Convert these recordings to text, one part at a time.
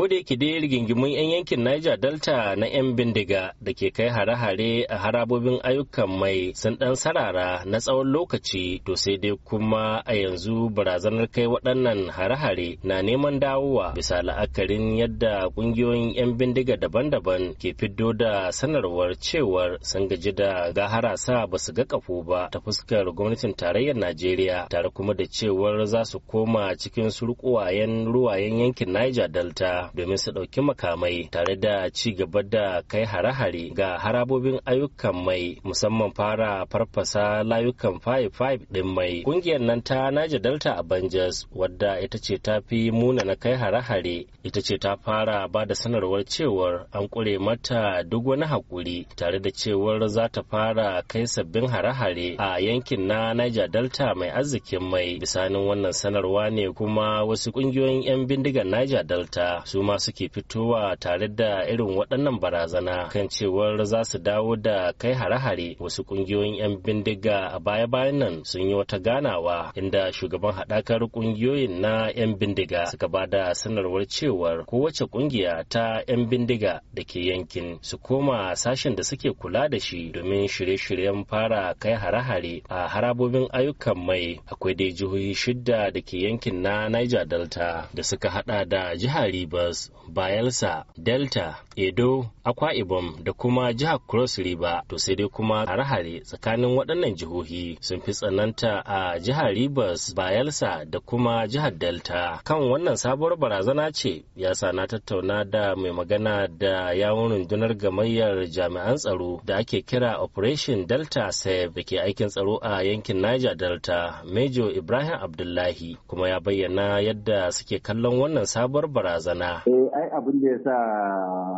ko da yake dai rigingimun 'yan yankin niger delta na 'yan bindiga da ke kai hare-hare a harabobin ayyukan mai sun dan sarara na tsawon lokaci to sai dai kuma a yanzu barazanar kai waɗannan hare-hare na neman dawowa bisa la'akarin yadda ƙungiyoyin 'yan bindiga daban-daban ke fiddo da sanarwar cewar sun gaji da gahara sa ba su ga kafo ba ta fuskar gwamnatin tarayyar najeriya tare kuma da cewar za su koma cikin surkuwayen ruwayen yankin niger delta domin su ɗauki makamai tare da ci gaba da kai hare-hare ga harabobin ayyukan mai musamman fara farfasa layukan 5-5 ɗin mai. Ƙungiyar nan ta Naja Delta Avengers wadda ita ce ta fi muna na kai hare-hare ita ce ta fara ba da sanarwar cewar an ƙure mata duk wani hakuri tare da cewar za ta fara kai sabbin hare-hare a yankin na Niger Delta mai arzikin mai bisanin wannan sanarwa ne kuma wasu ƙungiyoyin 'yan bindigar Niger Delta su ma suke fitowa tare da irin waɗannan barazana kan cewar za su dawo da kai hare-hare wasu ƙungiyoyin 'yan bindiga a baya-bayan nan sun yi wata ganawa inda shugaban haɗakar ƙungiyoyin na 'yan bindiga suka ba da sanarwar cewar kowace ƙungiya ta 'yan bindiga da ke yankin su koma sashen da suke kula da shi domin shirye-shiryen fara kai hare-hare a harabobin ayyukan mai akwai dai jihohi shidda da ke yankin na niger delta da suka hada da jihar riba Rivers, Bayelsa, Delta, edo akwa ibom da kuma jihar cross river to sai dai kuma hare-hare tsakanin waɗannan jihohi sun fi tsananta a jihar rivers bayelsa da kuma jihar delta kan wannan sabuwar barazana ce ya sa na tattauna da mai magana da yawon rundunar gamayyar jami'an tsaro da ake kira operation delta save da ke aikin tsaro a yankin niger delta major ibrahim abdullahi kuma ya bayyana yadda suke kallon wannan sabuwar barazana eh ai abin da sa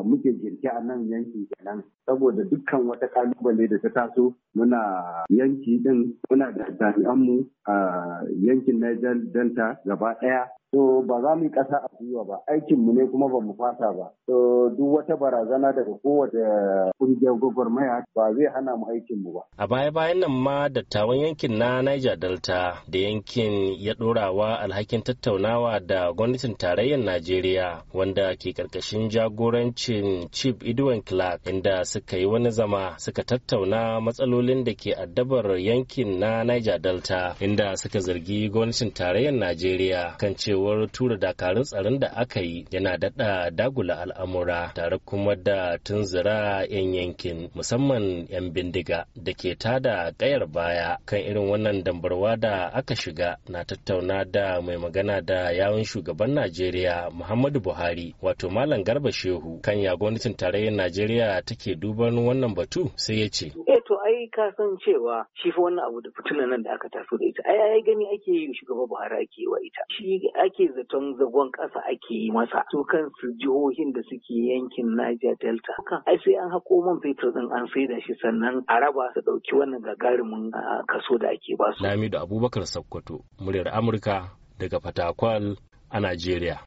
muke girke a nan yanki kenan saboda dukkan wata kalubale da ta taso muna yanki din muna da jami'anmu a yankin Niger Delta gaba ɗaya to ba za mu yi ƙasa a gwiwa ba, aikin mu ne kuma ba mu fasa ba. to duk wata barazana daga kowace kungiyar gwagwarmaya ba zai hana mu aikin mu ba. A baya-bayan nan ma dattawan yankin na Niger Delta da yankin ya ɗorawa alhakin tattaunawa da gwamnatin tarayyar Najeriya wanda ke ƙarƙashin jagorancin Chief Edwin Clark inda suka yi wani zama suka tattauna matsalolin da ke addabar yankin na Niger Delta inda suka zargi gwamnatin tarayyar Najeriya kan cewa dagewar tura dakarun tsaron da aka yi yana daɗa dagula al'amura tare kuma da tunzura 'yan yankin musamman 'yan bindiga da ke tada ƙayar baya kan irin wannan dambarwa da aka shiga na tattauna da mai magana da yawon shugaban najeriya muhammadu buhari wato malam garba shehu kan ya gwamnatin tarayyar najeriya take duban wannan batu sai ya ce to ai ka san cewa shi fa wannan abu da fitilan nan da aka taso da ita ai ai gani ake yi shugaba Buhari ake yi wa ita shi ake zaton zagon ƙasa ake yi masa su jihohin da suke yankin Niger Delta kan ai sai an hako man fetur din an saida shi sannan a raba su dauki wannan gagarumin kaso da ake ba su Lamido Abubakar Sakkwato muryar Amurka daga Fatakwal a Najeriya